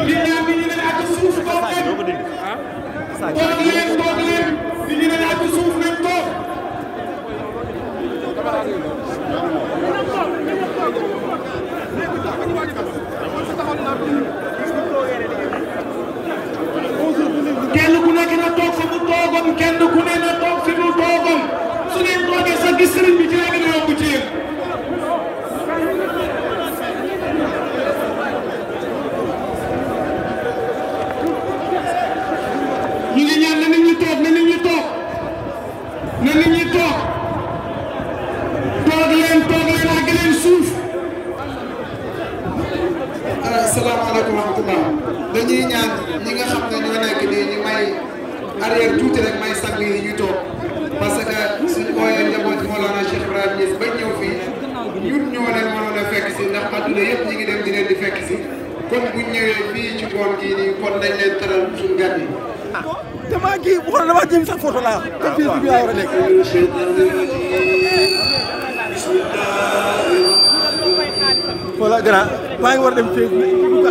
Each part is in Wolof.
li ñu naan bi ñu ne la ak suuf boo ko. arrière tuuti rek may sàgg yi ñu toog parce que suñu ooyee njaboot Mawlana Cheikh Ibrahima Niass ba ñëw fii ñun ñoo leen mënoon a fekk si ndax adduna yëpp ñi ngi dem di leen di fekk si kon bu ñëwee fii ci góor gii nii kon leen tëral suñu gan yi. ah kii bu xool damaa jëm sax photo laa wax. waaw waaw te fii war a nekk. voilà gannaaw maa ngi war a dem fii.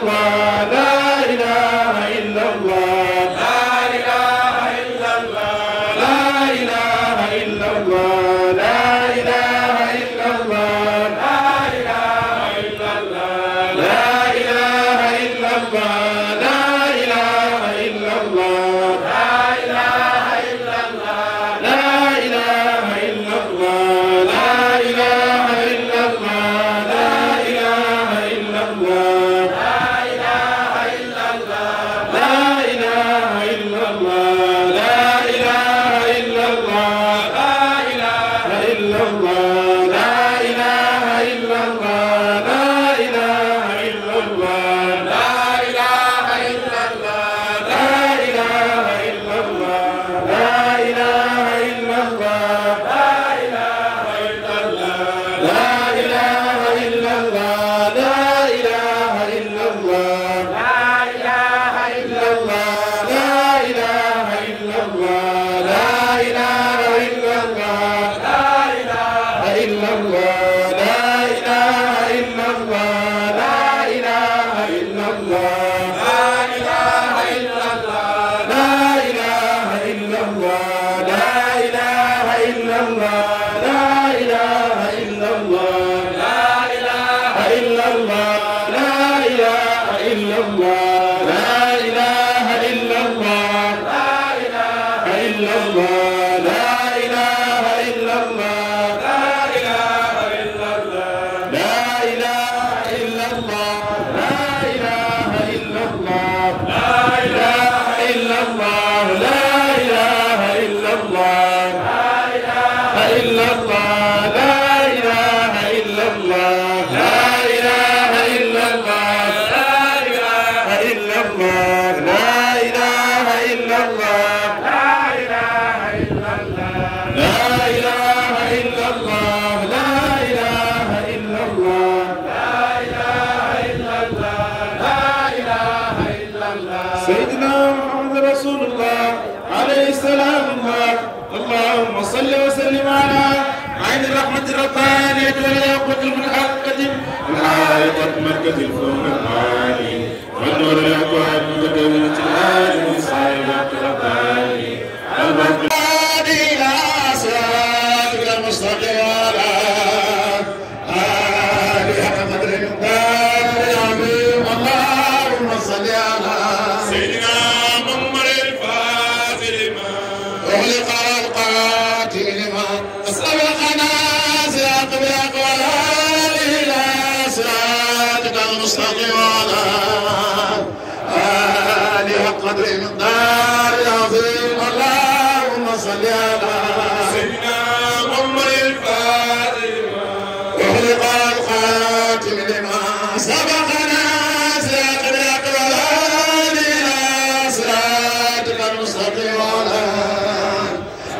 Akbar. Senhor. سيدنا محمد رسول الله عليه السلام الله اللهم صل وسلم على عين الرحمة الربانية والياقوت المنحقة الحائطة مركز الكون قدر مقدار عظيم اللهم صل على سيدنا محمد الفاتح اغلق الخاتم لما سبقنا سياق الاقبال الى صراطك المستقيم على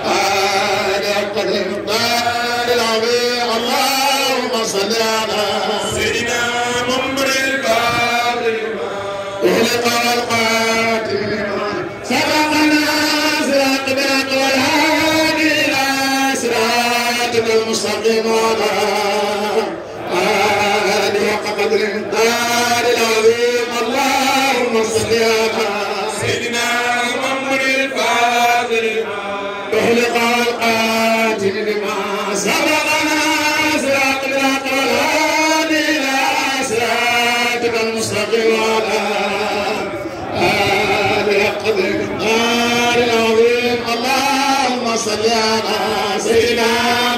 هذا قدر مقدار العظيم اللهم صل على سيدنا محمد الفاتح اغلق الخاتم سيدنا محمد الفاضل تهلق القاتل لما سبقنا صراط الاقلال الى صراطك المستقيم وعلى آل قدر العظيم اللهم صل على سيدنا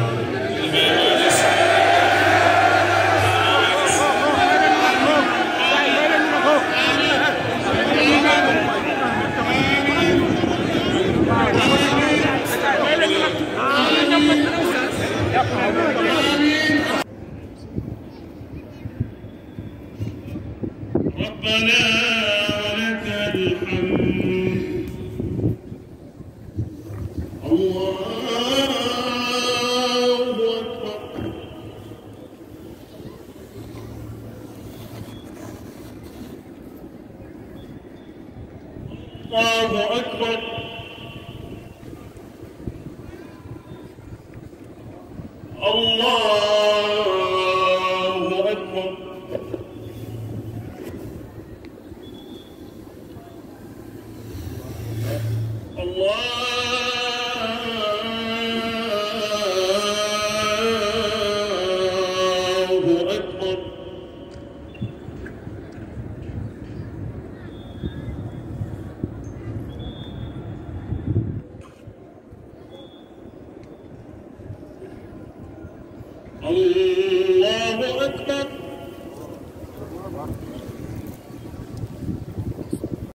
الله أكبر الله